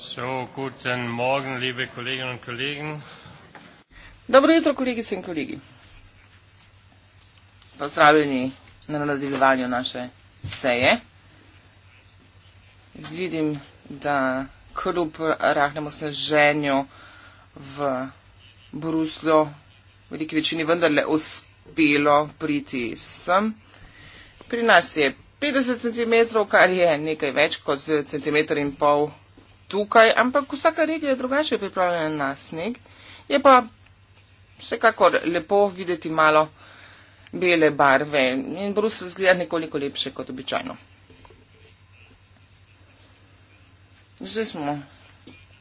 So, guten Morgen, liebe Kolleginnen und Kollegen. Dobro jutro, kolegice in kolegi. Pozdravljeni na nadaljevanju naše seje. Vidim, da kljub rahnemu sneženju v Bruslju veliki večini vendarle uspelo priti sem. Pri nas je 50 cm, kar je nekaj več kot cm in pol tukaj, ampak vsaka regija je drugače pripravljena na sneg. Je pa vsekakor lepo videti malo bele barve in Brusel zgleda nekoliko lepše kot običajno. Zdaj smo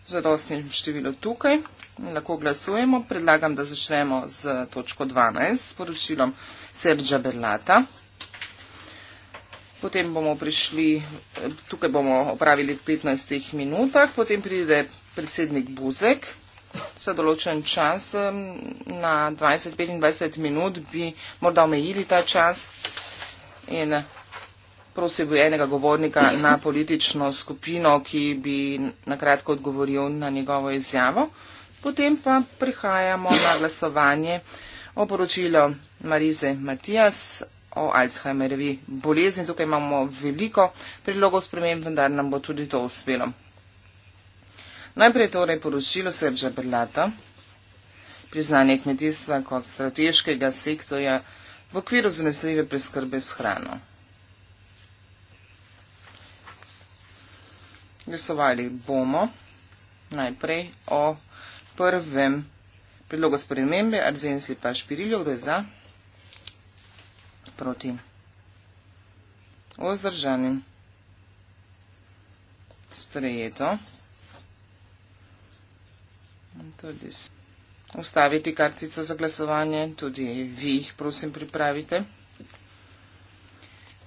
zadostni število tukaj in lahko glasujemo. Predlagam, da začnemo z točko 12 s poročilom Serđa Berlata potem bomo prišli, tukaj bomo opravili v 15 minutah, potem pride predsednik Buzek, za določen čas na 20-25 minut bi morda omejili ta čas in prosil bi enega govornika na politično skupino, ki bi nakratko odgovoril na njegovo izjavo. Potem pa prihajamo na glasovanje o poročilo Marize Matijas o Alzheimerjevi bolezni. Tukaj imamo veliko predlogov sprememb, vendar nam bo tudi to uspelo. Najprej torej poročilo Srdža Berlata, priznanje kmetijstva kot strateškega sektorja v okviru zanesljive preskrbe s hrano. Glasovali bomo najprej o prvem predlogu spremembe, arzenski pa špiriljo, kdo je za proti ozdržanim. Sprejeto. Tudi ustaviti kartica za glasovanje, tudi vi jih prosim pripravite.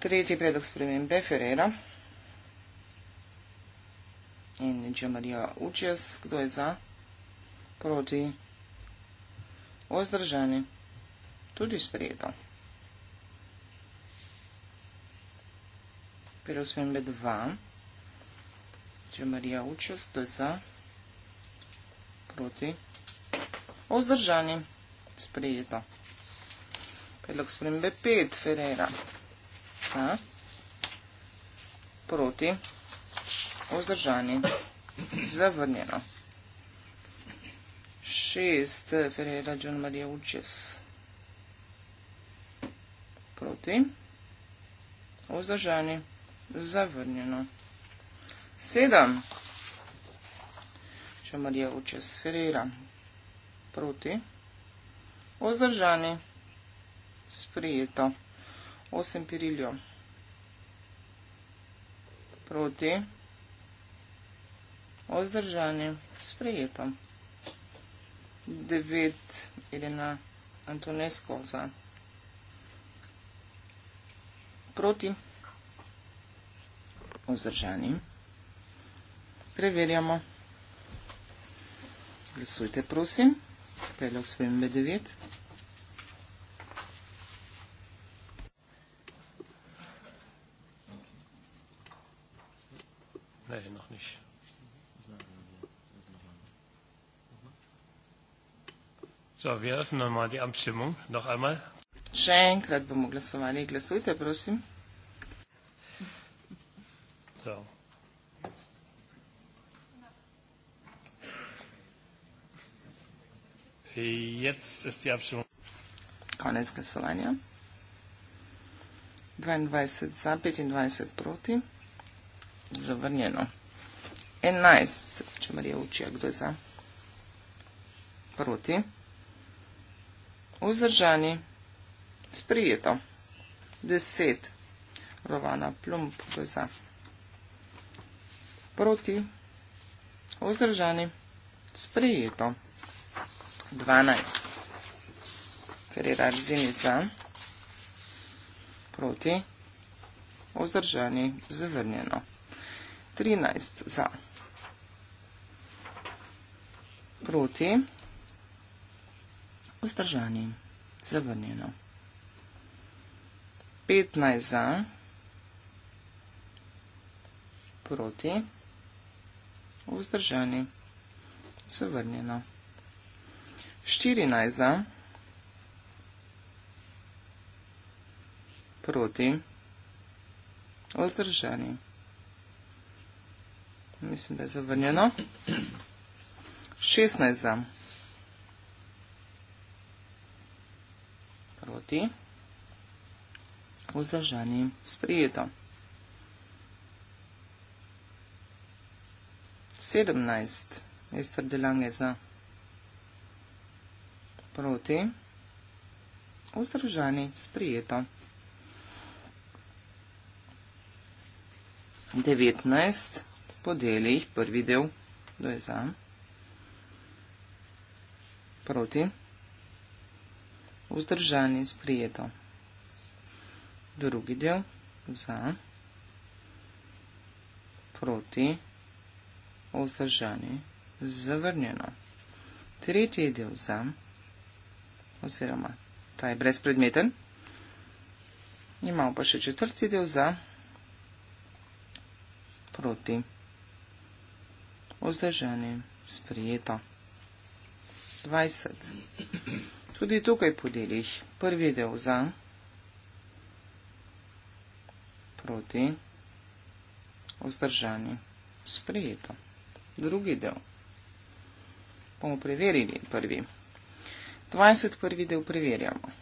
Tretji predlog spremembe Ferrera. In Gio Maria Učijas, kdo je za? Proti. Ozdržani. Tudi sprejeto. Pero se me va. Če Marija uče, da za proti vzdržani sprejeto. Predlog spremembe 5 Ferreira. Za proti vzdržani zavrnjeno. 6 Ferreira John Maria Uches proti vzdržani sprejeto zavrnjeno. Sedem. Če Marija uče sferira proti. Ozdržani. Sprijeto. Osem piriljo. Proti. Ozdržani. Sprijeto. Devet. Irina Antonesko za. Proti. Proti vzdržanim. Preverjamo. Glasujte, prosim. Predlog svojim B9. Ne, noh niš. So, wir öffnen mal die Abstimmung noch einmal. Še enkrat bomo glasovali. Glasujte, prosim. So. Jetzt ist die Abstimmung. Konec glasovanja. 22 za, 25 proti. Zavrnjeno. 11, če Marija učija, kdo je za. Proti. Vzdržani. Sprijeto. 10. Rovana Plump, kdo je za proti, vzdržani, sprejeto. 12. Ker je rač zimica, proti, vzdržani, zavrnjeno. 13. Za. Proti, vzdržani, zavrnjeno. 15. Za. Proti, vzdržani, zavrnjeno. 14 za, proti, vzdržani. Mislim, da je zavrnjeno. 16 za, proti, vzdržani, sprijeto. 17. 17. Mester Delang je za. Proti. Vzdržani. Sprijeto. 19. Podeli. Prvi del. Do je za. Proti. Vzdržani. Sprijeto. Drugi del. Za. Proti. Proti vzdržani, zavrnjeno. Tretji del za, oziroma ta je brezpredmeten. Imamo pa še četrti del za, proti, vzdržani, sprijeto. 20. Tudi tukaj po delih. Prvi del za, proti, vzdržani, sprijeto drugi del. Bomo preverili prvi. 20 prvi del preverjamo.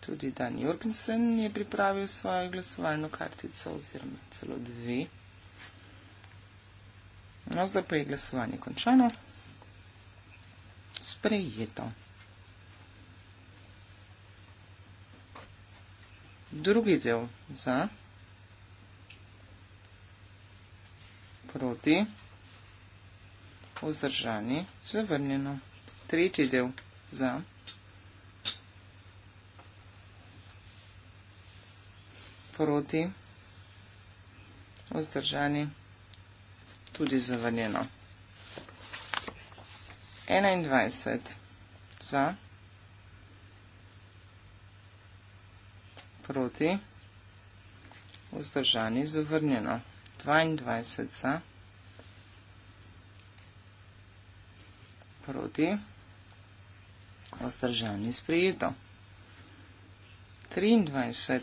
Tudi Dan Jorgensen je pripravil svojo glasovalno kartico oziroma celo dve. No, zdaj pa je glasovanje končano. Sprejeto. Drugi del za poti, vzdržani, zavrnjeno. Tretji del za. Proti, vzdržani, tudi zavrnjeno. 21 za. Proti, vzdržani, zavrnjeno. 22 za. proti, ostržani sprijeto. 23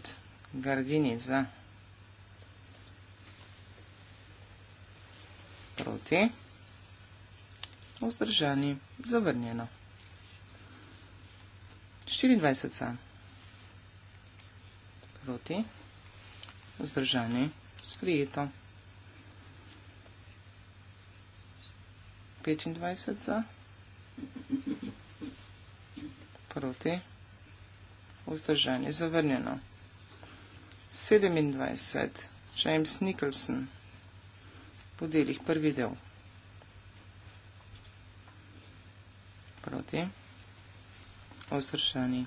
gardinica proti, ostržani zavrnjeno. 24 proti, ostržani sprijeto. 25 za proti, vzdržanje zavrnjeno. 27. James Nicholson, podelih prvi del, proti, vzdržanje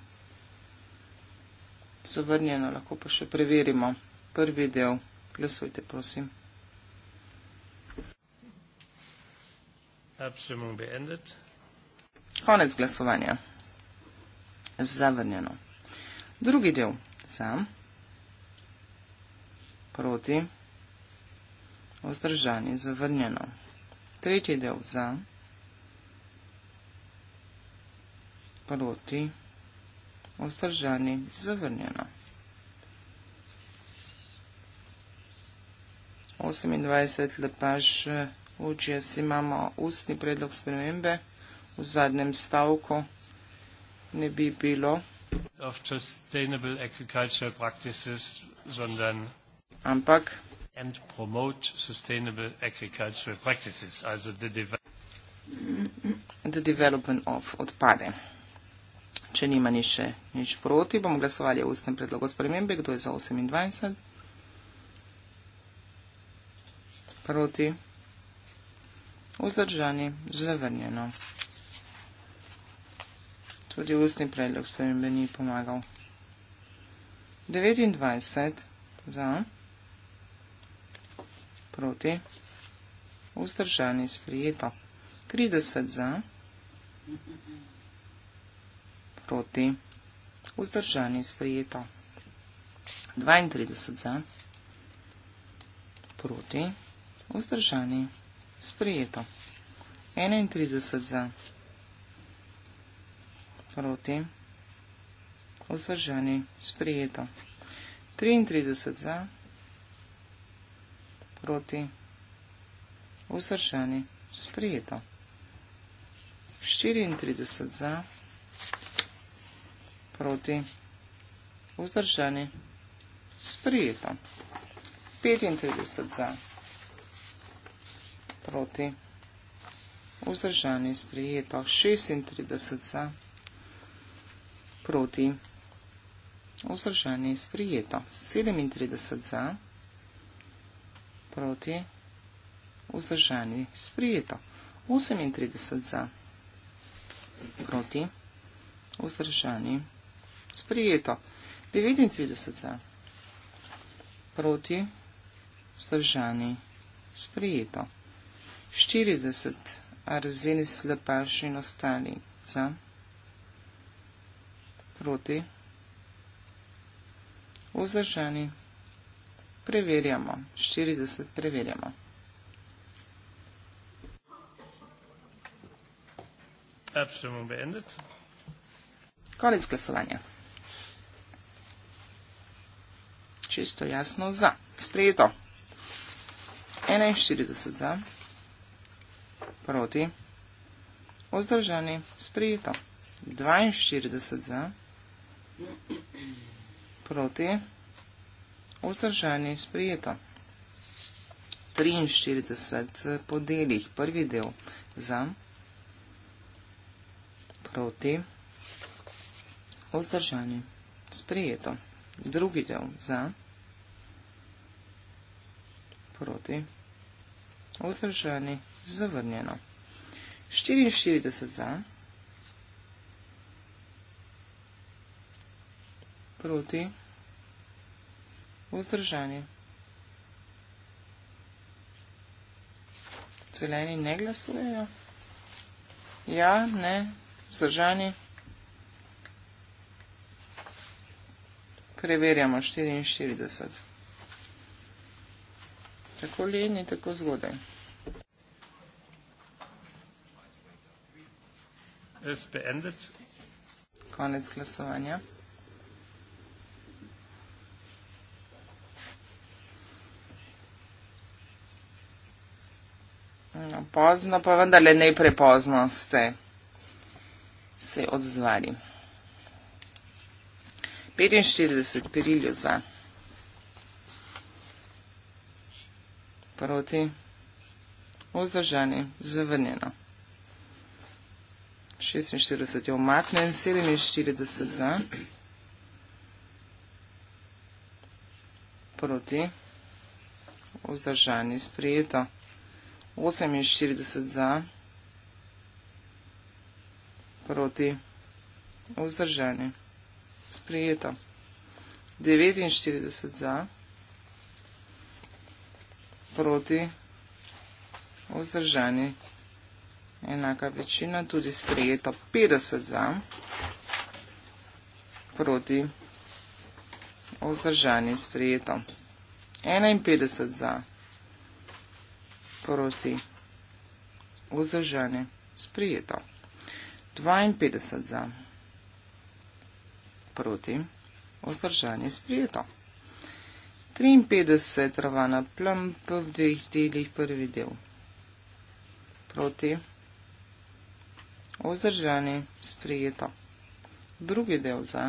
zavrnjeno, lahko pa še preverimo prvi del, glasujte prosim. Abstimmung beendet. Konec glasovanja. Zavrnjeno. Drugi del. Za. Proti. Vzdržani. Zavrnjeno. Tretji del. Za. Proti. Vzdržani. Zavrnjeno. 28. Lepaš. Učijo si imamo ustni predlog spremembe v zadnjem stavku ne bi bilo. Of sustainable agricultural practices, sondern Ampak, and promote sustainable agricultural practices, also the, de the development of odpade. Če nima ni še nič proti, bomo glasovali o ustnem predlogu spremembe. Kdo je za 28? Proti. Vzdržani. Zavrnjeno. Tudi ustni predlog spremembe ni pomagal. 29 za, proti, vzdržani sprijeto. 30 za, proti, vzdržani sprijeto. 32 za, proti, vzdržani sprijeto. 31 za, proti, vzdržani sprijeto proti, vzdržani, sprijeto. 33 za, proti, vzdržani, sprijeto. 34 za, proti, vzdržani, sprijeto. 35 za, proti, vzdržani, sprijeto. 36 za, proti, vzdržani, sprijeto proti. Vzdržanje je sprijeto. 37 za, proti, vzdržanje je sprijeto. 38 za, proti, vzdržanje je sprijeto. 39 za, proti, vzdržanje je sprijeto. 40 arzeni slepaši in ostali za, proti proti, vzdržani, preverjamo, 40 preverjamo. Konec glasovanja. Čisto jasno za. Sprejeto. 41 za. Proti. Ozdržani. Sprejeto. 42 za proti, vzdržanje in sprijeto. 43 eh, po delih, prvi del za, proti, vzdržanje in sprijeto. Drugi del za, proti, vzdržanje in zavrnjeno. 44 za, proti, vzdržanje in sprijeto. proti vzdržanju. Zeleni ne glasujejo. Ja, ne, vzdržani. Preverjamo 44. Tako li ni tako zgodaj. Es beendet. Konec glasovanja. No, pozno, pa vendar ne prepozno ste se odzvali. 45 perilju za. Proti. Vzdržani. Zavrnjeno. 46 je umaknen, 47 za. Proti. Vzdržani. Sprijeto. 48 za, proti vzdržanje. Sprijeto. 49 za, proti vzdržanje. Enaka večina, tudi sprijeto. 50 za, proti vzdržanje. Sprijeto. 51 za, proti vzdržanje prosi vzdržanje sprijeto. 52 za proti vzdržanje sprijeto. 53 ravana plump v dveh delih prvi del proti vzdržanje sprijeto. Drugi del za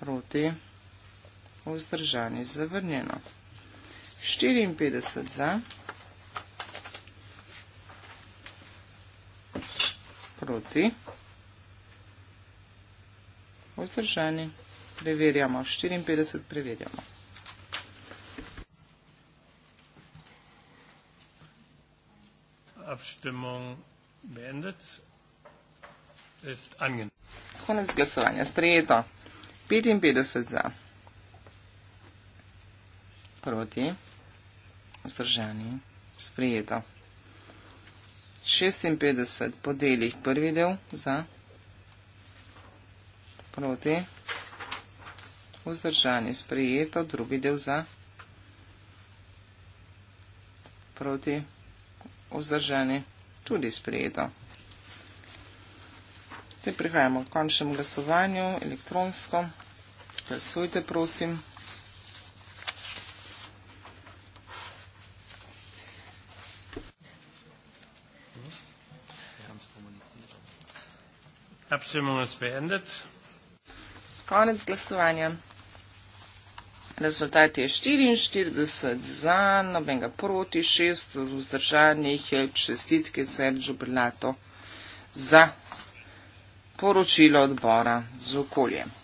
proti vzdržanje zavrnjeno. 54 za, proti, vzdržani, preverjamo, 54 preverjamo. Abstimmung beendet. Ist angen. Konec glasovanja, sprejeto. 55 za. Proti vzdržani, sprijeta. 56 podeljih prvi del za proti, vzdržani, sprijeto, drugi del za proti, vzdržani, tudi sprijeto. Te prihajamo k končnemu glasovanju, elektronsko. Glasujte, prosim. Abstimmung ist beendet. Konec glasovanja. Rezultat je 44 za, nobenega proti, 6 vzdržanih čestitke Sergio Brilato za poročilo odbora z okoljem.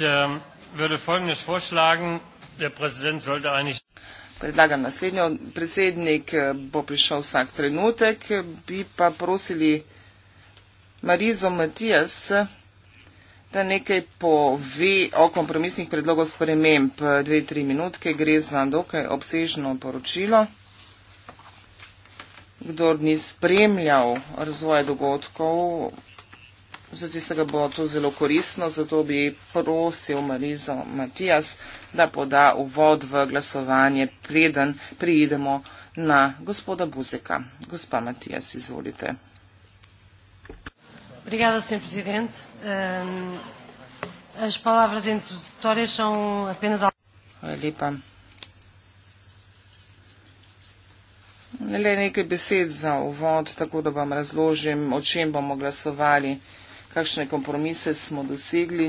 Ähm, Predlagam naslednjo. Predsednik eh, bo prišel vsak trenutek. Bi pa prosili Marizo Matijas, da nekaj pove o kompromisnih predlogov sprememb. Dve, tri minutke gre za dokaj obsežno poročilo. Kdor ni spremljal razvoja dogodkov za tistega bo to zelo korisno, zato bi prosil Marizo Matijas, da poda uvod v glasovanje, preden prijedemo na gospoda Buzeka. Gospa Matijas, izvolite. Obrigada, senhor presidente. Ehm, as palavras introdutórias são apenas. Lepa. Le nekaj besed za uvod, tako da vam razložim, o čem bomo glasovali kakšne kompromise smo dosegli.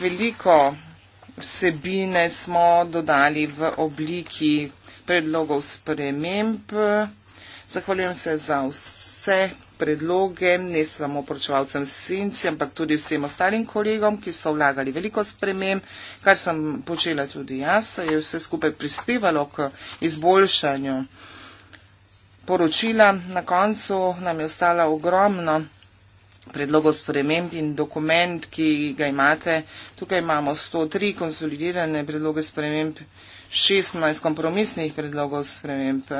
Veliko vsebine smo dodali v obliki predlogov sprememb. Zahvaljujem se za vse predloge ne samo poročevalcem senci, ampak tudi vsem ostalim kolegom, ki so vlagali veliko sprememb, kar sem počela tudi jaz, je vse skupaj prispevalo k izboljšanju poročila. Na koncu nam je ostalo ogromno predlogov sprememb in dokument, ki ga imate. Tukaj imamo 103 konsolidirane predloge sprememb, 16 kompromisnih predlogov sprememb.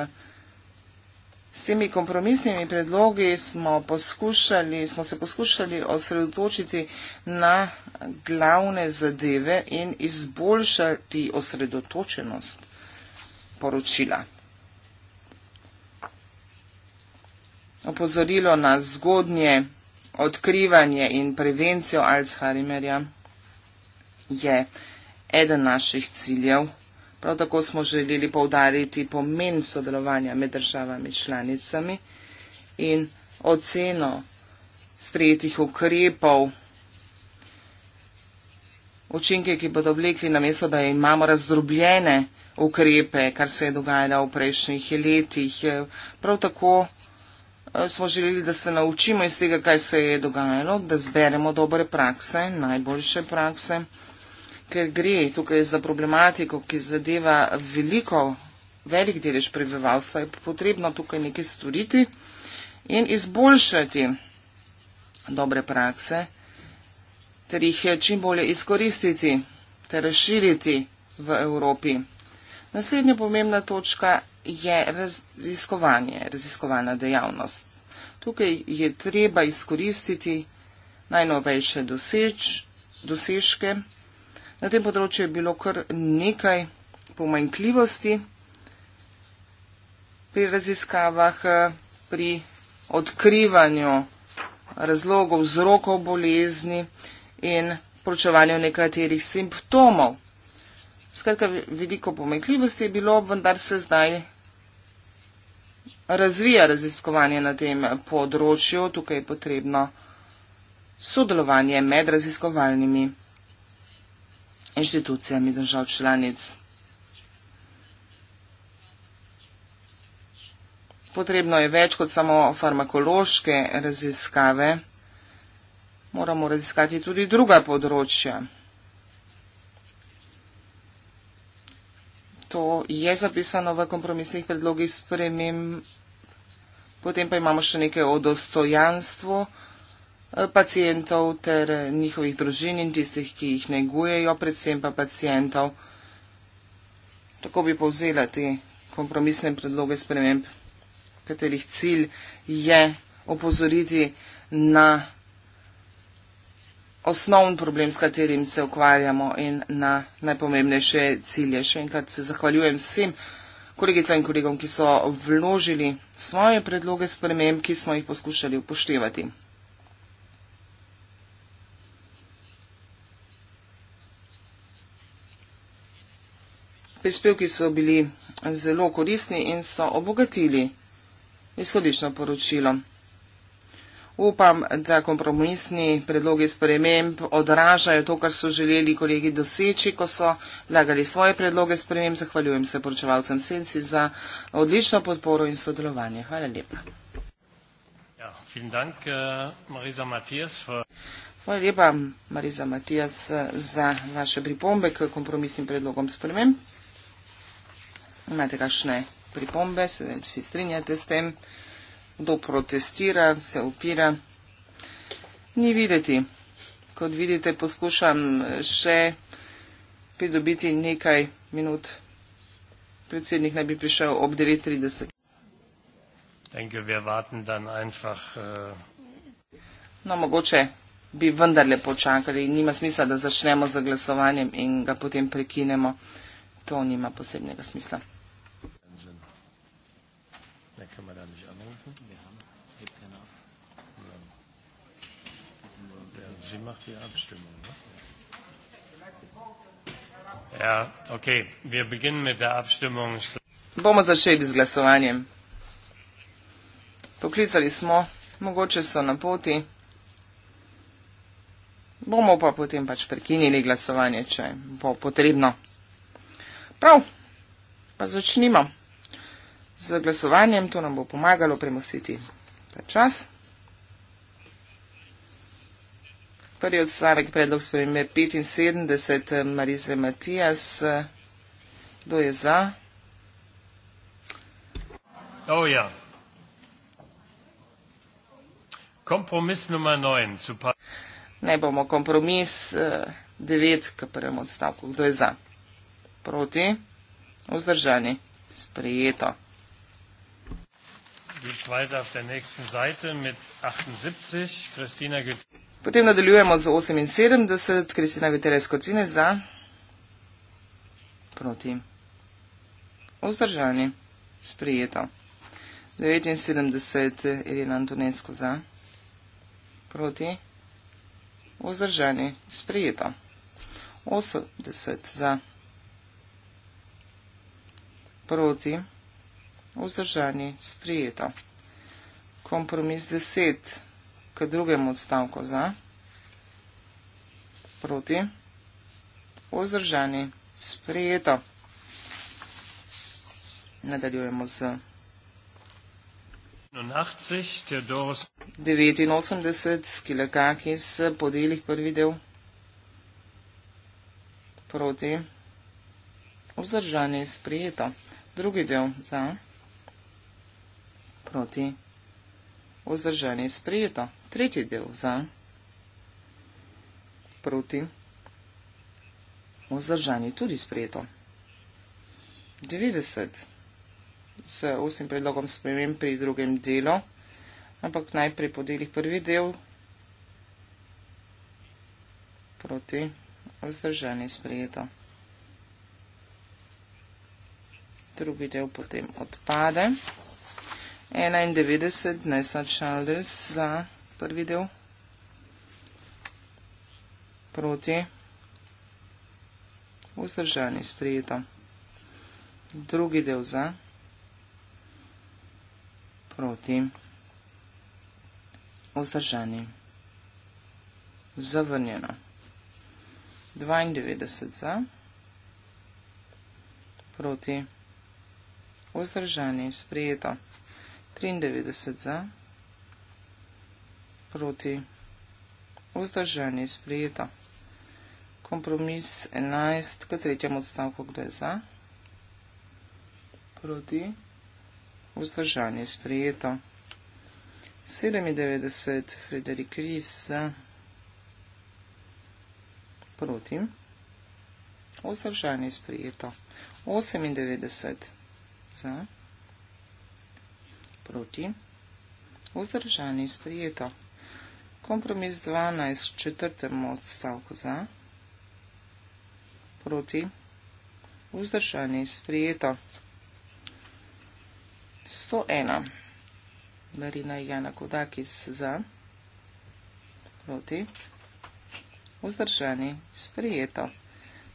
S temi kompromisnimi predlogi smo, poskušali, smo se poskušali osredotočiti na glavne zadeve in izboljšati osredotočenost poročila. Opozorilo na zgodnje odkrivanje in prevencijo Alzheimerja je eden naših ciljev. Prav tako smo želeli povdariti pomen sodelovanja med državami članicami in oceno sprejetih ukrepov, učinke, ki bodo vlekli na mesto, da imamo razdrobljene ukrepe, kar se je dogajalo v prejšnjih letih. Prav tako eh, smo želeli, da se naučimo iz tega, kaj se je dogajalo, da zberemo dobre prakse, najboljše prakse ker gre tukaj za problematiko, ki zadeva veliko, velik delež prebivalstva, je potrebno tukaj nekaj storiti in izboljšati dobre prakse, ter jih je čim bolje izkoristiti ter razširiti v Evropi. Naslednja pomembna točka je raziskovanje, raziskovalna dejavnost. Tukaj je treba izkoristiti najnovejše dosež, dosežke, Na tem področju je bilo kar nekaj pomanjkljivosti pri raziskavah, pri odkrivanju razlogov, vzrokov bolezni in poročevanju nekaterih simptomov. Skratka, veliko pomenkljivosti je bilo, vendar se zdaj razvija raziskovanje na tem področju. Tukaj je potrebno sodelovanje med raziskovalnimi inštitucijami držav članic. Potrebno je več kot samo farmakološke raziskave, moramo raziskati tudi druga področja. To je zapisano v kompromisnih predlogih spremem, potem pa imamo še nekaj o dostojanstvu, Eh, pacijentov ter njihovih družin in tistih, ki jih negujejo, predvsem pa pacijentov. Tako bi povzela te kompromisne predloge sprememb, katerih cilj je opozoriti na osnovni problem, s katerim se ukvarjamo in na najpomembnejše cilje. Še enkrat se zahvaljujem vsem kolegicam in kolegom, ki so vložili svoje predloge sprememb, ki smo jih poskušali upoštevati. prispevki so bili zelo korisni in so obogatili izhodično poročilo. Upam, da kompromisni predlogi sprememb odražajo to, kar so želeli kolegi doseči, ko so lagali svoje predloge sprememb. Zahvaljujem se poročevalcem Senci za odlično podporo in sodelovanje. Hvala lepa. Ja, äh, Hvala lepa, Mariza Matijas, äh, za vaše pripombe k kompromisnim predlogom sprememb. Imate kakšne pripombe, se ne vsi strinjate s tem, kdo protestira, se upira. Ni videti. Kot vidite, poskušam še pridobiti nekaj minut. Predsednik naj bi prišel ob 9.30. Denke, einfach, uh... No, mogoče bi vendarle počakali. Nima smisla, da začnemo z glasovanjem in ga potem prekinemo. To nima posebnega smisla. sie macht die Abstimmung. Ne? Ja, okay, wir beginnen mit der Abstimmung. Bomo začeli z glasovanjem. Poklicali smo, mogoče so na poti. Bomo pa potem pač prekinili glasovanje, če bo potrebno. Prav, pa začnimo. Z glasovanjem to nam bo pomagalo premustiti ta čas. Prvi odstavek, predlog spremembe 75, eh, Marize Matijas. Eh, kdo je za? Oh, ja. Kompromis nr. 9. Ne bomo kompromis 9, eh, k prvemu odstavku. Kdo je za? Proti? Vzdržani. Sprijeto. Geht's weiter auf der nächsten Seite mit 78. Kristina geht. Potem nadaljujemo z 78, Kristina Guterres Kocine za, proti, vzdržani, sprijeto. 79, Irina Antonesko za, proti, vzdržani, sprijeto. 80 za, proti, vzdržani, sprijeto. Kompromis 10 k drugemu odstavku za, proti, vzdržani, sprejeto. Nadaljujemo z 89 skilakakis po delih prvi del, proti, vzdržani, sprejeto. Drugi del za, proti, vzdržani, sprejeto. Tretji del za, proti, vzdržanje tudi sprejeto. 90 z osim predlogom spremem pri drugem delu, ampak najprej po delih prvi del, proti, vzdržanje sprejeto. Drugi del potem odpade. 91, Nessa Childers za prvi del proti vzdržani sprejeto drugi del za proti vzdržani zavrnjeno 92 za proti vzdržani sprejeto 93 za proti proti. Vzdržanje je sprijeto. Kompromis 11 k tretjemu odstavku, kdo je za? Proti. Vzdržanje je sprijeto. 97, Frederik Ries. Proti. Vzdržanje je sprijeto. 98, za. Proti. Vzdržanje je sprijeto. Kompromis 12 v četrtem odstavku za. Proti. Vzdržanje sprijeto. 101. Marina Jana Kodakis za. Proti. Vzdržanje sprijeto.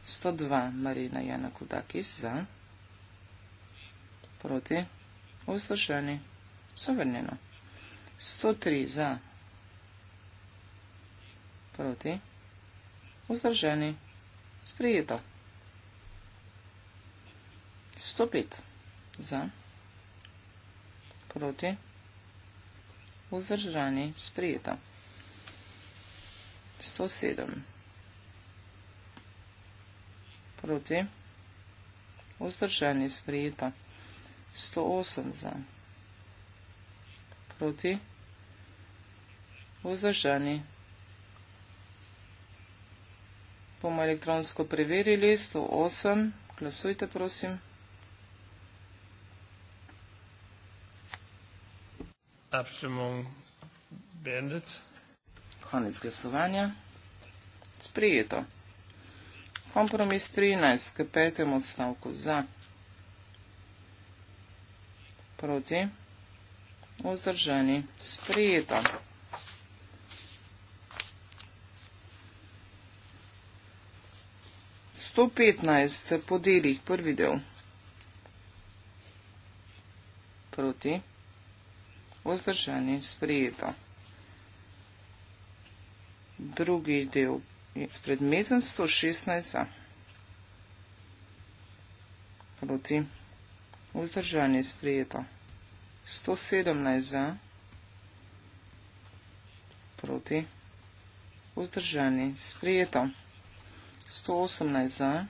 102. Marina Jana Kodakis za. Proti. Vzdržanje. Sovrnjeno. 103 za. Proti. Vzdrženi. Sprijeto. 105. Za. Proti. Vzdržani. Sprijeto. 107. Proti. Vzdržani. Sprijeto. 108. Za. Proti. Vzdržani. Sprijeto. bomo elektronsko preverili, 108, glasujte prosim. Abstimum bandit. Konec glasovanja. Sprijeto. Kompromis 13, k petem odstavku za. Proti. Vzdržani. Sprijeto. 115 po delih, prvi del. Proti. Vzdržanje sprejeto. Drugi del je spredmeten 116. Proti. Vzdržanje sprejeto. 117 za. Proti. Vzdržanje sprejeto. 118 za,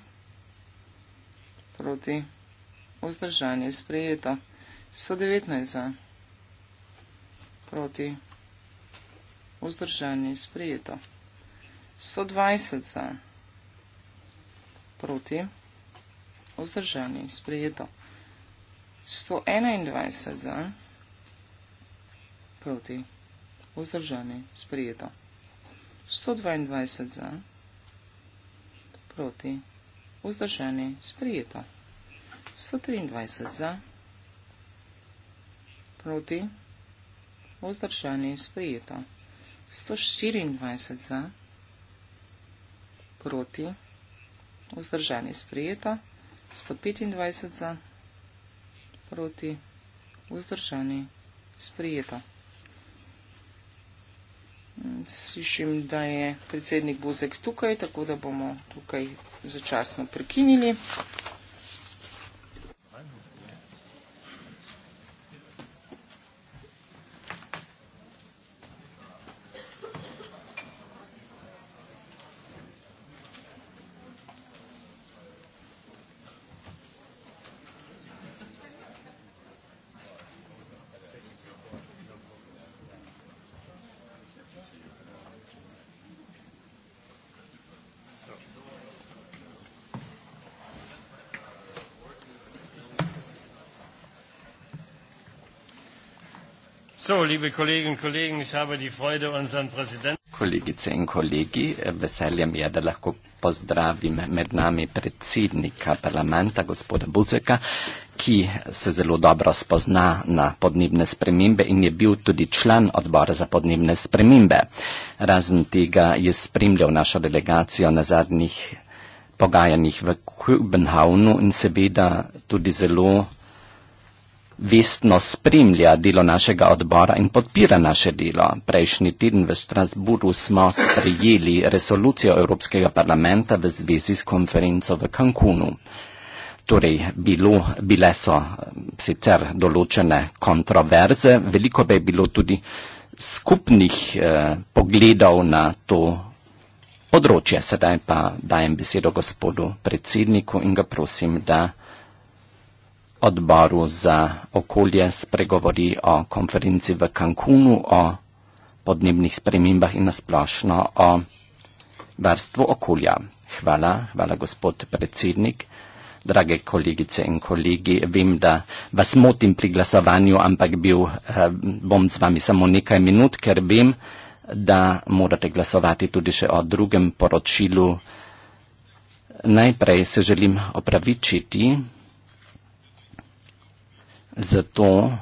proti vzdržanje sprejeto. 119 za, proti vzdržanje sprejeto. 120 za, proti vzdržanje sprejeto. 121 za, proti vzdržanje sprejeto. 122 za, proti vzdržanje sprejeto proti, vzdržani, sprijeto. 123 za, proti, vzdržani, sprijeto. 124 za, proti, vzdržani, sprijeto. 125 za, proti, vzdržani, sprijeto. Slišim, da je predsednik Bozek tukaj, tako da bomo tukaj začasno prekinili. So, liebe Kolleginnen und Kollegen, ich habe die Freude, unseren Präsidenten. Kolegice in kolegi, veseljem je, da lahko pozdravim med nami predsednika parlamenta, gospoda Buzeka, ki se zelo dobro spozna na podnebne spremembe in je bil tudi član odbora za podnebne spremembe. Razen tega je spremljal našo delegacijo na zadnjih pogajanjih v Kubenhavnu in seveda tudi zelo vestno spremlja delo našega odbora in podpira naše delo. Prejšnji teden v Strasburu smo sprejeli resolucijo Evropskega parlamenta v zvezi s konferenco v Cancunu. Torej, bilo, bile so eh, sicer določene kontroverze, veliko pa je bilo tudi skupnih eh, pogledov na to področje. Sedaj pa dajem besedo gospodu predsedniku in ga prosim, da odboru za okolje spregovori o konferenci v Cancunu o podnebnih spremembah in nasplošno o varstvu okolja. Hvala, hvala gospod predsednik. Drage kolegice in kolegi, vem, da vas motim pri glasovanju, ampak bil, eh, bom z vami samo nekaj minut, ker vem, da morate glasovati tudi še o drugem poročilu. Najprej se želim opravičiti zato,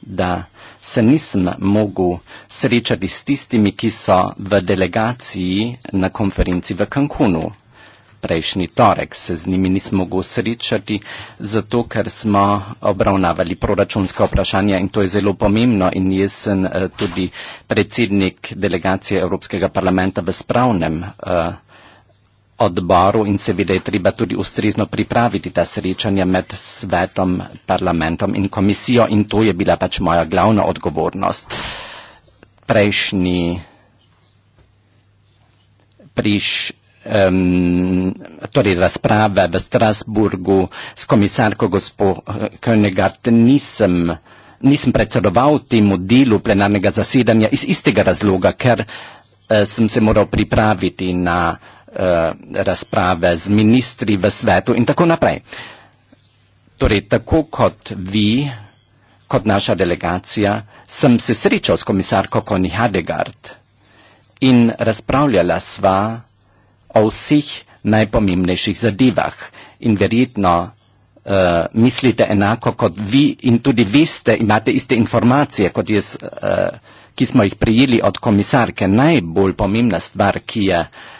da se nisem mogel srečati s tistimi, ki so v delegaciji na konferenci v Cancunu. Prejšnji torek se z njimi nismo mogli srečati, zato ker smo obravnavali proračunska vprašanja in to je zelo pomembno in jaz sem eh, tudi predsednik delegacije Evropskega parlamenta v spravnem uh, odboru in seveda je treba tudi ustrezno pripraviti ta srečanja med svetom, parlamentom in komisijo in to je bila pač moja glavna odgovornost. Prejšnji priš torej razprave v Strasburgu s komisarko gospo eh, Königart nisem nisem predsedoval temu delu plenarnega zasedanja iz istega razloga, ker eh, sem se moral pripraviti na vsega Eh, razprave z ministri v svetu in tako naprej. Torej, tako kot vi, kot naša delegacija, sem se srečal s komisarko Koni Hadegard in razpravljala sva o vseh najpomembnejših zadevah in verjetno uh, mislite enako kot vi in tudi vi ste, imate iste informacije kot jaz, uh, ki smo jih prijeli od komisarke. Najbolj pomembna stvar, ki je uh,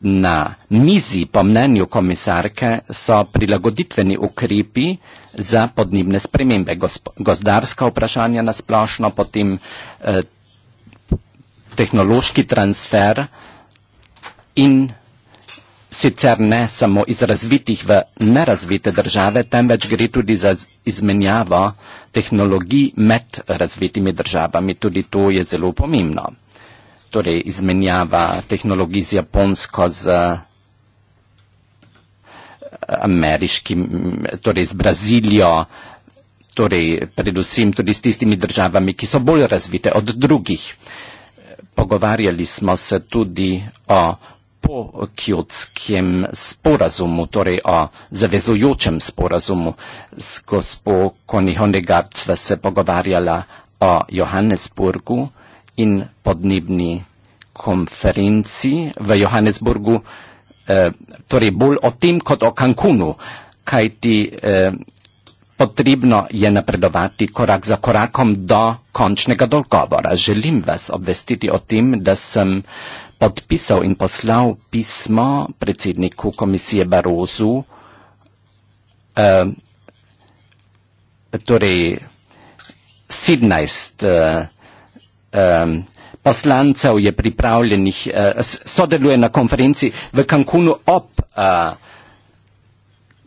Na mizi, po mnenju komisarke, so prilagoditveni ukrepi za podnebne spremembe, gozdarska vprašanja na splošno, potem eh, tehnološki transfer in sicer ne samo iz razvitih v nerazvite države, temveč gre tudi za izmenjavo tehnologij med razvitimi državami. Tudi to je zelo pomembno torej izmenjava tehnologij z Japonsko, z eh, ameriškim, torej z Brazilijo, torej predvsem tudi s tistimi državami, ki so bolj razvite od drugih. Pogovarjali smo se tudi o pokjotskem sporazumu, torej o zavezujočem sporazumu. S gospo Koni Hondegard sva se pogovarjala o Johannesburgu in podnebni konferenci v Johannesburgu, eh, torej bolj o tem kot o Cancunu, kajti eh, potrebno je napredovati korak za korakom do končnega dogovora. Želim vas obvestiti o tem, da sem podpisal in poslal pismo predsedniku komisije Barozu, eh, torej 17. Eh, um, poslancev je pripravljenih, uh, sodeluje na konferenci v Cancunu ob uh,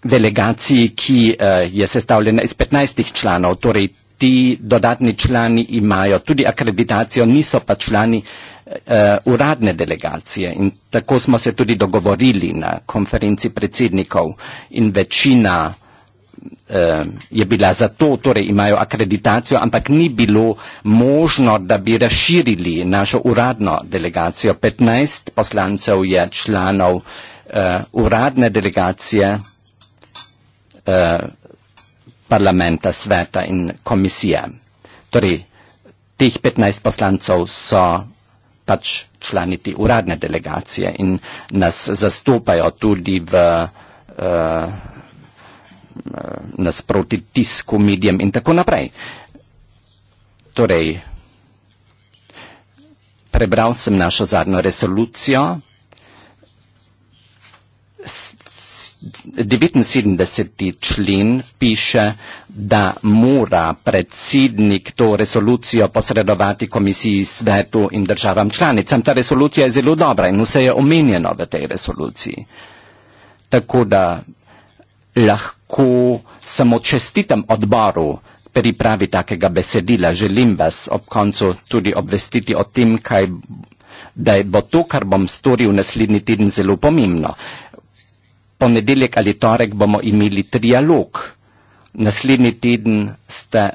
delegaciji, ki uh, je sestavljena iz 15 članov. Torej ti dodatni člani imajo tudi akreditacijo, niso pa člani uh, uradne delegacije. In tako smo se tudi dogovorili na konferenci predsednikov in večina Eh, je bila zato, torej imajo akreditacijo, ampak ni bilo možno, da bi razširili našo uradno delegacijo. 15 poslancev je članov uh, uradne delegacije uh, parlamenta, sveta in komisije. Torej, teh 15 poslancev so pač člani te uradne delegacije in nas zastopajo tudi v uh, Eh, nasproti tisku, medijem in tako naprej. Torej, prebral sem našo zadnjo resolucijo, 79. člen piše, da mora predsednik to resolucijo posredovati komisiji svetu in državam članicam. Ta resolucija je zelo dobra in vse je omenjeno v tej resoluciji. Tako da lahko samo čestitam odboru pripravi takega besedila. Želim vas ob koncu tudi obvestiti o tem, kaj, da bo to, kar bom storil naslednji teden, zelo pomembno. Ponedeljek ali torek bomo imeli trialog. Naslednji teden ste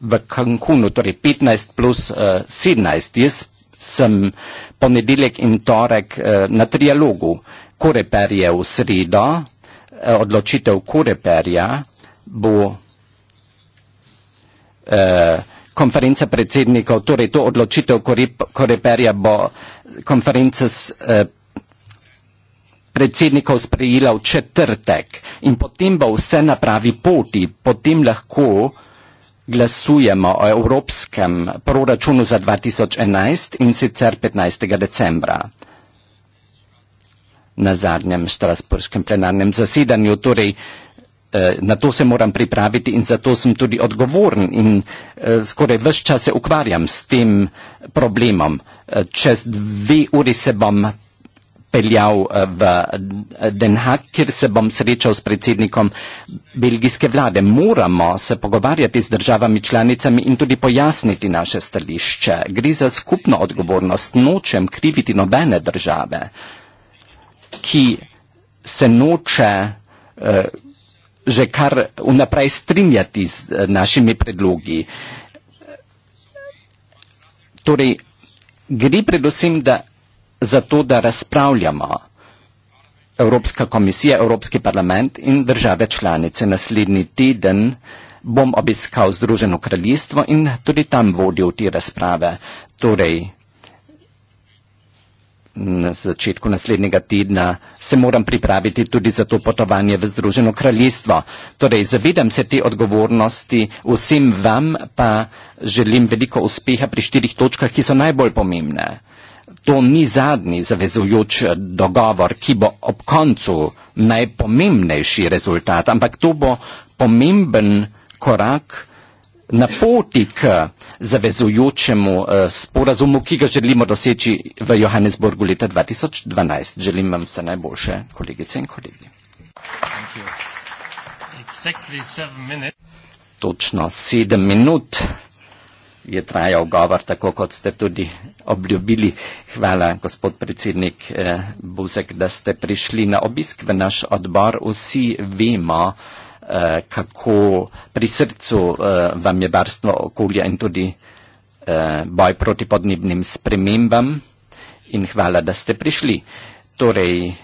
v Cancunu, torej 15 plus uh, eh, 17. Jaz sem ponedeljek in torek uh, na trialogu. Koreper je v sredo, eh, odločitev Koreperja bo eh, konferenca predsednikov, torej to odločitev Koreperja bo konferenca eh, predsednikov sprejela v četrtek in potem bo vse na pravi poti, potem lahko glasujemo o evropskem proračunu za 2011 in sicer 15. decembra na zadnjem strasporskem plenarnem zasedanju. Torej, eh, na to se moram pripraviti in zato sem tudi odgovoren in eh, skoraj vse čas se ukvarjam s tem problemom. Eh, čez dve uri se bom peljal v Den Haag, kjer se bom srečal s predsednikom belgijske vlade. Moramo se pogovarjati z državami članicami in tudi pojasniti naše stališče. Gre za skupno odgovornost. Nočem kriviti nobene države. Uh, ki se noče uh, že kar vnaprej strinjati z uh, našimi predlogi. Torej, gre predvsem da, za to, da razpravljamo Evropska komisija, Evropski parlament in države članice. Naslednji teden bom obiskal Združeno kraljestvo in tudi tam vodil te razprave. Torej, na začetku naslednjega tedna se moram pripraviti tudi za to potovanje v Združeno kraljestvo. Torej, zavedam se te odgovornosti, vsem vam pa želim veliko uspeha pri štirih točkah, ki so najbolj pomembne. To ni zadnji zavezujoč dogovor, ki bo ob koncu najpomembnejši rezultat, ampak to bo pomemben korak, na poti k zavezujočemu eh, sporazumu, ki ga želimo doseči v Johannesburgu leta 2012. Želim vam vse najboljše, kolegice in kolegi. Točno sedem minut je trajal govor, tako kot ste tudi obljubili. Hvala, gospod predsednik eh, Buzek, da ste prišli na obisk v naš odbor. Vsi vemo, Eh, kako pri srcu uh, vam je varstvo okolja in tudi uh, boj proti podnebnim spremembam in hvala, da ste prišli. Torej,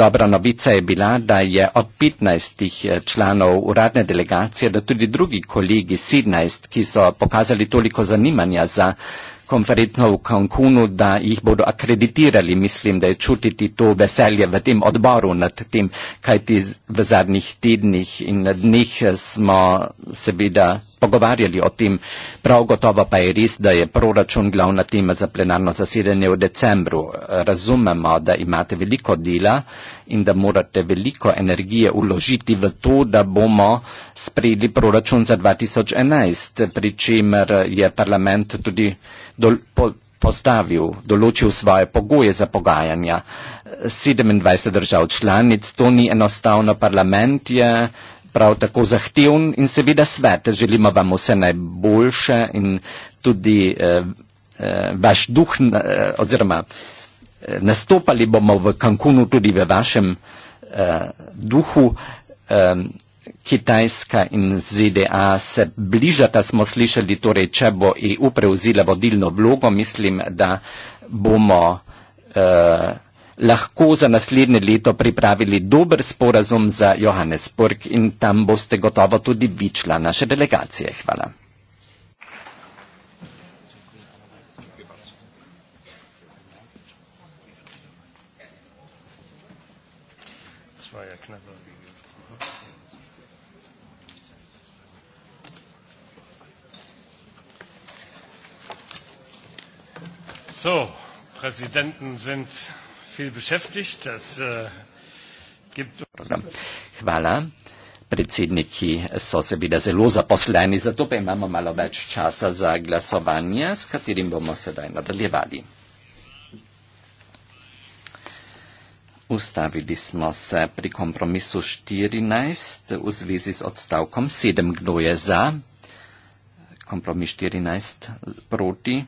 dobra novica je bila, da je od 15 članov uradne delegacije, da tudi drugi kolegi 17, ki so pokazali toliko zanimanja za uh, konferenco v Cancunu, da jih bodo akreditirali. Mislim, da je čutiti to veselje v tem odboru nad tem, kaj ti v zadnjih tednih in dneh eh, smo seveda pogovarjali o tem. Prav gotovo pa je res, da je proračun glavna tema za plenarno zasedanje v decembru. Razumemo, da imate veliko dela in da morate veliko energije uložiti v to, da bomo sprejeli proračun za 2011, pri čemer je parlament tudi dol, po, postavil, določil svoje pogoje za pogajanja. 27 držav članic, to ni enostavno, parlament je prav tako zahteven in seveda svet. Želimo vam vse najboljše in tudi eh, eh, vaš duh eh, oziroma eh, nastopali bomo v Cancunu tudi v vašem eh, duhu. Eh, Kitajska in ZDA se bližata, smo slišali, torej, če bo EU prevzela vodilno vlogo, mislim, da bomo. Eh, lahko za naslednje leto pripravili dober sporazum za Johannesburg in tam boste gotovo tudi vi član naše delegacije. Hvala. So, Präsidenten sind viel beschäftigt. Das äh, gibt. Hvala. Predsedniki so seveda zelo zaposleni, zato pa imamo malo več časa za glasovanje, s katerim bomo sedaj nadaljevali. Ustavili smo se pri kompromisu 14 v zvezi s odstavkom 7. Kdo je za? Kompromis 14 proti?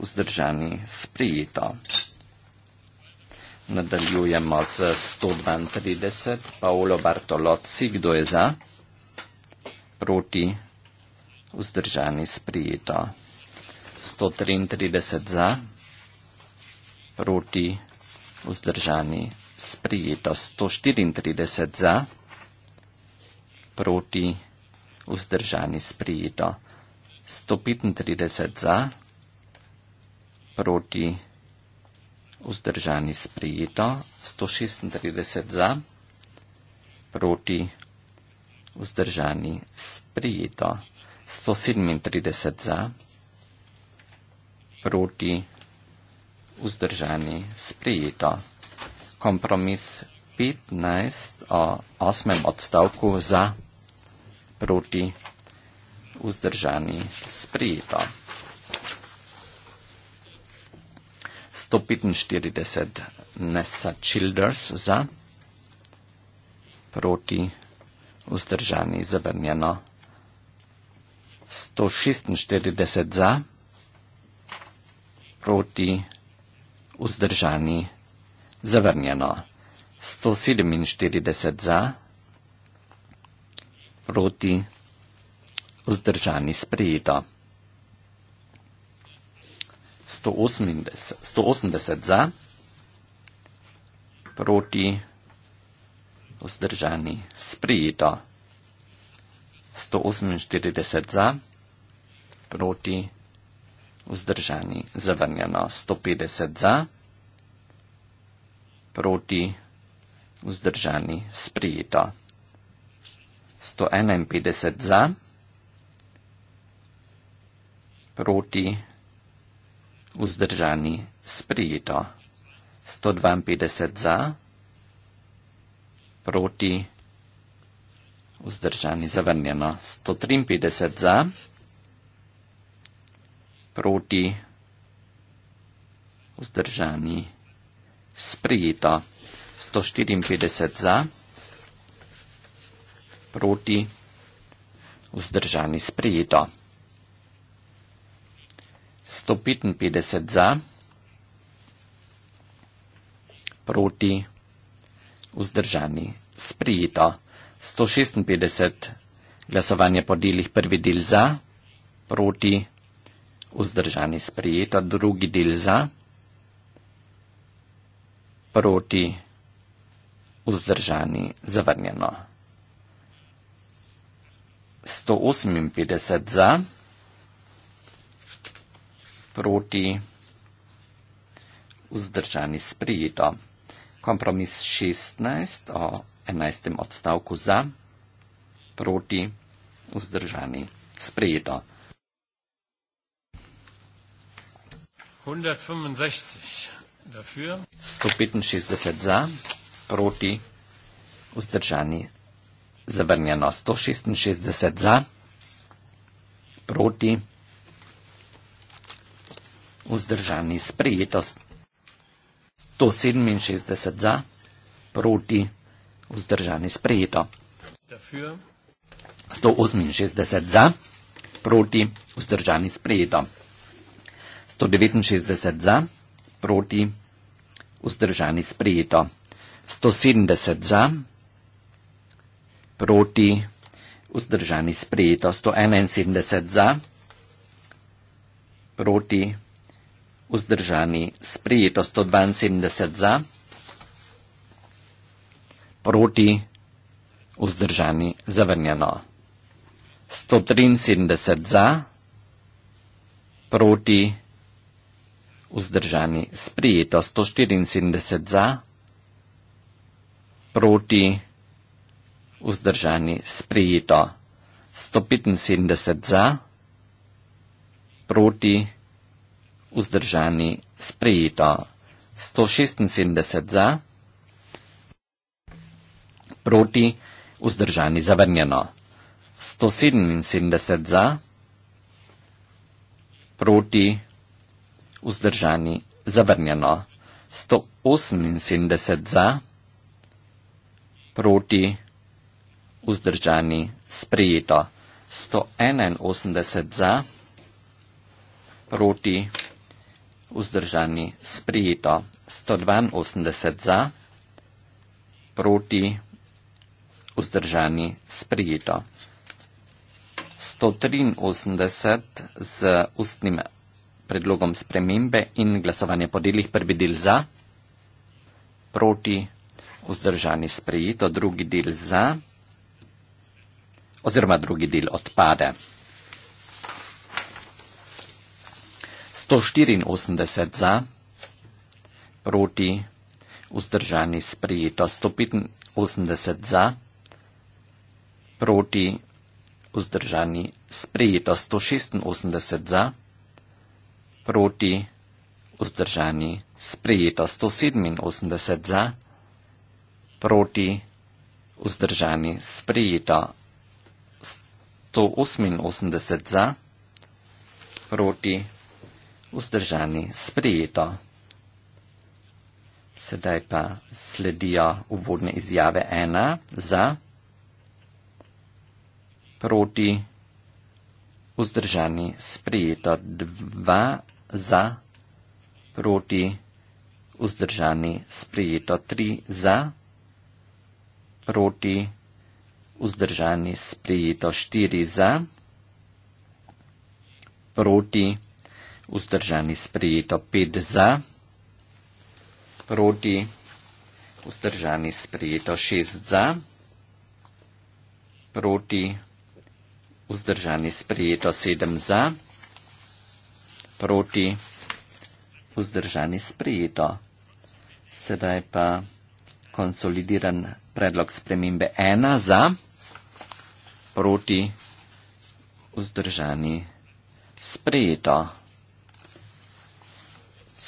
Vzdržani sprejeto. Nadaljujemo z 132. Paolo Bartolozzi, kdo je za? Proti. Vzdržani sprijeto. 133 za. Proti. Vzdržani sprijeto. 134 za. Proti. Vzdržani sprijeto. 135 za. Proti. Vzdržani sprijeto vzdržani sprijeto, 136 za, proti vzdržani sprijeto, 137 za, proti vzdržani sprijeto. Kompromis 15 o osmem odstavku za, proti vzdržani sprijeto. 145 Nessa Childers za, proti vzdržani zabrnjeno 146 za, proti vzdržani zavrnjeno 147 za, proti vzdržani sprejeto. 180, 180 za, proti, vzdržani, sprijeto. 148 za, proti, vzdržani, zavrnjeno. 150 za, proti, vzdržani, sprijeto. 151 za, proti, vzdržani, sprijeto vzdržani, sprijeto. 152 za, proti, vzdržani, zavrnjeno. 153 za, proti, vzdržani, sprijeto. 154 za, proti, vzdržani, sprijeto. 155 za, proti, vzdržani, sprijeto. 156 glasovanje po delih, prvi del za, proti, vzdržani, sprijeto, drugi del za, proti, vzdržani, zavrnjeno. 158 za, proti, vzdržani, zavrnjeno proti vzdržani sprijeto. Kompromis 16 o 11. odstavku za proti vzdržani sprijeto. 165 za proti vzdržani zavrnjeno. 166 za proti vzdržani sprijeto vzdržani sprejetost. 167 za, proti vzdržani sprejeto. 168 za, proti vzdržani sprejeto. 169 za, proti vzdržani sprejeto. 170 za, proti vzdržani sprejeto. 171 za, proti vzdržani sprejeto vzdržani. Sprejeto 172 za, proti vzdržani zavrnjeno. 173 za, proti vzdržani. Sprejeto 174 za, proti vzdržani. Sprejeto 175 za, proti vzdržani vzdržani, sprejeto. 176 za, proti, vzdržani, zavrnjeno. 177 za, proti, vzdržani, zavrnjeno. 178 za, proti, vzdržani, sprejeto. 181 za, proti, vzdržani vzdržani sprejeto 182 za, proti vzdržani sprejeto 183 z ustnim predlogom spremembe in glasovanje po delih prvi del za, proti vzdržani sprejeto drugi del za oziroma drugi del odpade. 184 za, proti vzdržani sprejeto. 185 za, proti vzdržani sprejeto. 186 za, proti vzdržani sprejeto. 187 za, proti vzdržani sprejeto. 188 za, proti vzdržani sprejeto vzdržani, sprijeto. Sedaj pa sledijo uvodne izjave ena za, proti, vzdržani, sprijeto dva za, proti, vzdržani, sprijeto tri za, proti, vzdržani, sprijeto štiri za, proti, vzdržani, sprijeto štiri za, vzdržani sprejeto 5 za, proti vzdržani sprejeto 6 za, proti vzdržani sprejeto 7 za, proti vzdržani sprejeto. Sedaj pa konsolidiran predlog spremembe 1 za, proti vzdržani sprejeto. Sprejeto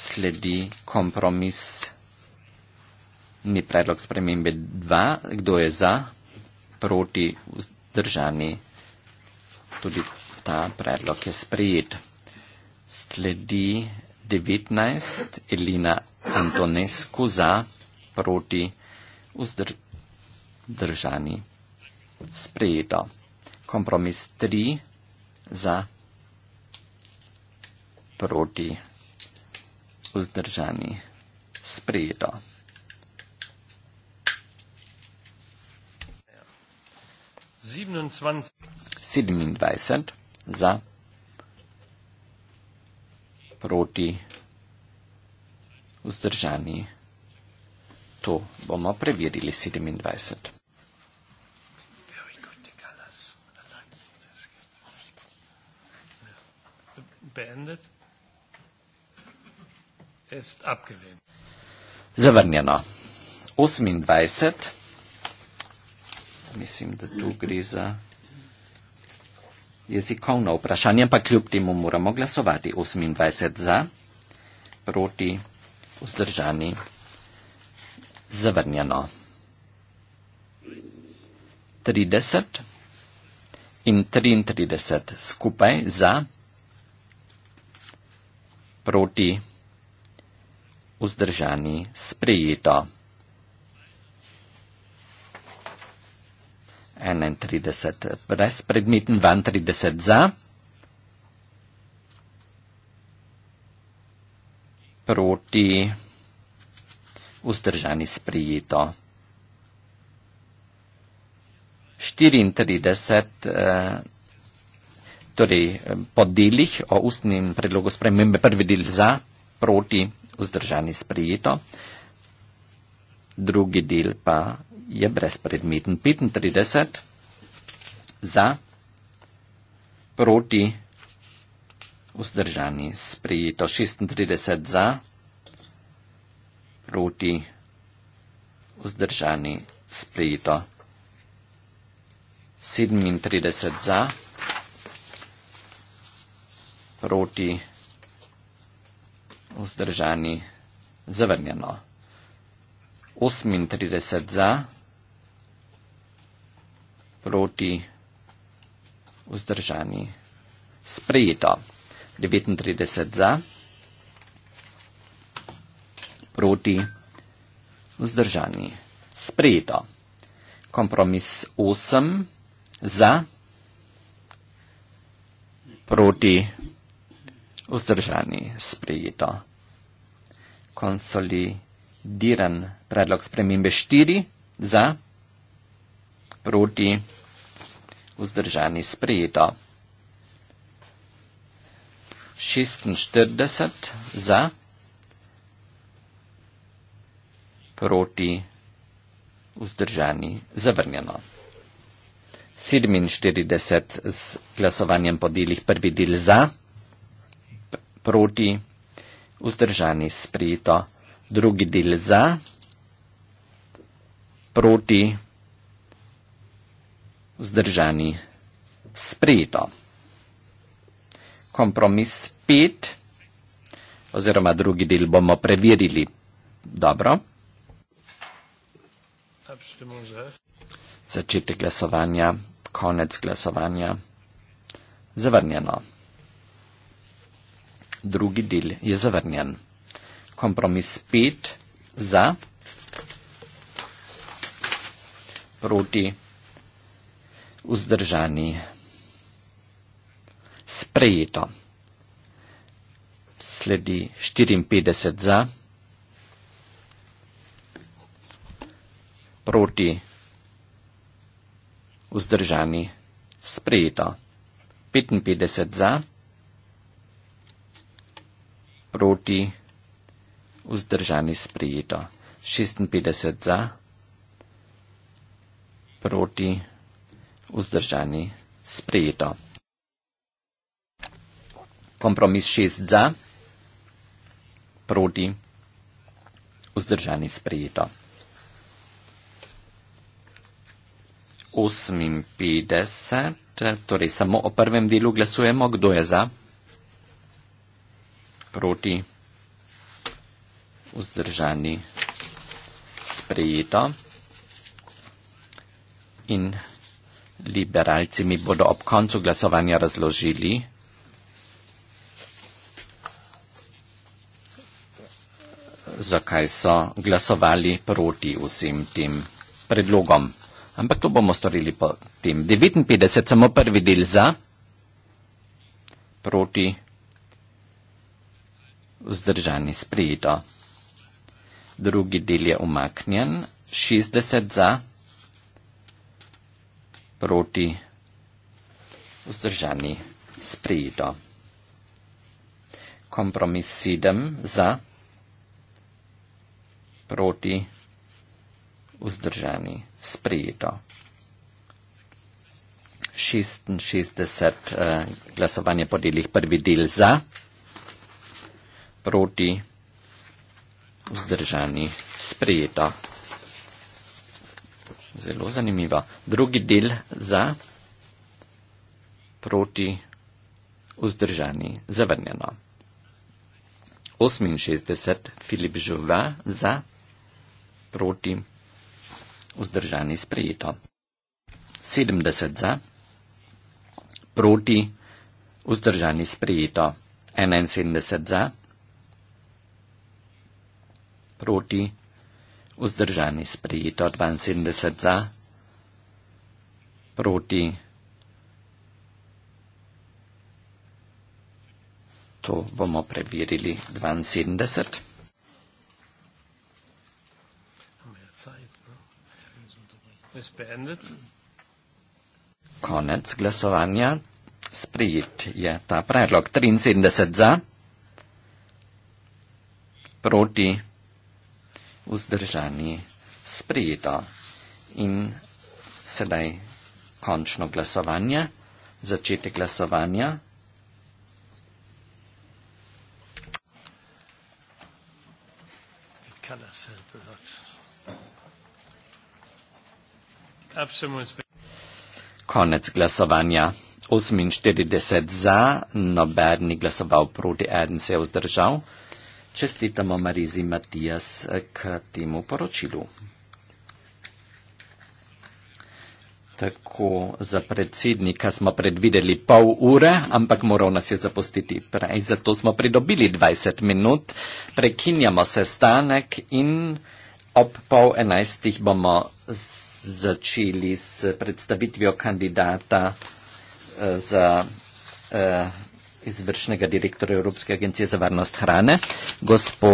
sledi kompromis. Ni predlog spremembe 2. Kdo je za? Proti vzdržani. Tudi ta predlog je sprejet. Sledi 19. Elina Antonescu za. Proti vzdržani. Sprejeto. Kompromis 3 za. Proti vzdržani vzdržani. Sprejeto. Sedemindvajset za proti vzdržani. To bomo preverili sedemindvajset. Beendet ist abgelehnt. Zavrnjeno. 28. Mislim, da tu gre za jezikovno vprašanje, ampak kljub temu moramo glasovati. 28 za, proti, vzdržani, zavrnjeno. 30 in 33 skupaj za, proti, vzdržani vzdržani sprejeto. 31 brez predmetn, 32 za. Proti vzdržani sprejeto. 34, eh, torej eh, po delih o ustnem predlogu spremembe prvi del za, proti vzdržani sprejeto, drugi del pa je brezpredmeten. 35 za, proti, vzdržani sprejeto, 36 za, proti, vzdržani sprejeto, 37 za, proti, vzdržani sprejeto vzdržani, zavrnjeno. 38 za, proti, vzdržani, sprejeto. 39 za, proti, vzdržani, sprejeto. Kompromis 8 za, proti, vzdržani vzdržani sprejeto. Konsolidiran predlog spremembe 4 za, proti, vzdržani sprejeto. 46 za, proti, vzdržani zavrnjeno. 47 z glasovanjem po delih prvi del za proti, vzdržani sprejeto, drugi del za, proti, vzdržani sprejeto. Kompromis 5, oziroma drugi del bomo preverili dobro. Začetek glasovanja, konec glasovanja, zavrnjeno drugi del je zavrnjen. Kompromis 5 za, proti, vzdržani, sprejeto. Sledi 54 za, proti, vzdržani, sprejeto. 55 za, proti, vzdržani, sprejeto proti, vzdržani sprejeto. 56 za, proti, vzdržani sprejeto. Kompromis 6 za, proti, vzdržani sprejeto. 58, torej samo o prvem delu glasujemo, kdo je za proti, vzdržani, sprejeto. In liberalci mi bodo ob koncu glasovanja razložili, zakaj so glasovali proti vsem tem predlogom. Ampak to bomo storili potem. 59 samo prvi del za, proti vzdržani sprijido. Drugi del je umaknjen, 60 za, proti vzdržani sprijido. Kompromis 7 za, proti vzdržani sprijido. 66 eh, glasovanje podelih prvi del za, proti, vzdržani, sprejeta. Zelo zanimiva. Drugi del za, proti, vzdržani, zavrnjeno. 68 Filip Žuva za, proti, vzdržani, sprejeto. 70 za, proti, vzdržani, sprejeto. 71 za, proti, vzdržani sprejeto 72 za, proti. To bomo preverili 72. Konec glasovanja. Sprejet je ta predlog 73 za, proti 72 vzdržani, sprijeto. In sedaj končno glasovanje, začetek glasovanja. Konec glasovanja. 48 za, noben ni glasoval proti, eden se je vzdržal čestitamo Marizi Matijas k temu poročilu. Tako za predsednika smo predvideli pol ure, ampak moral nas je zapustiti prej, zato smo pridobili 20 minut. Prekinjamo sestanek in ob pol enajstih bomo začeli s predstavitvijo kandidata eh, za eh, izvršnega direktora Evropske agencije za varnost hrane, gospod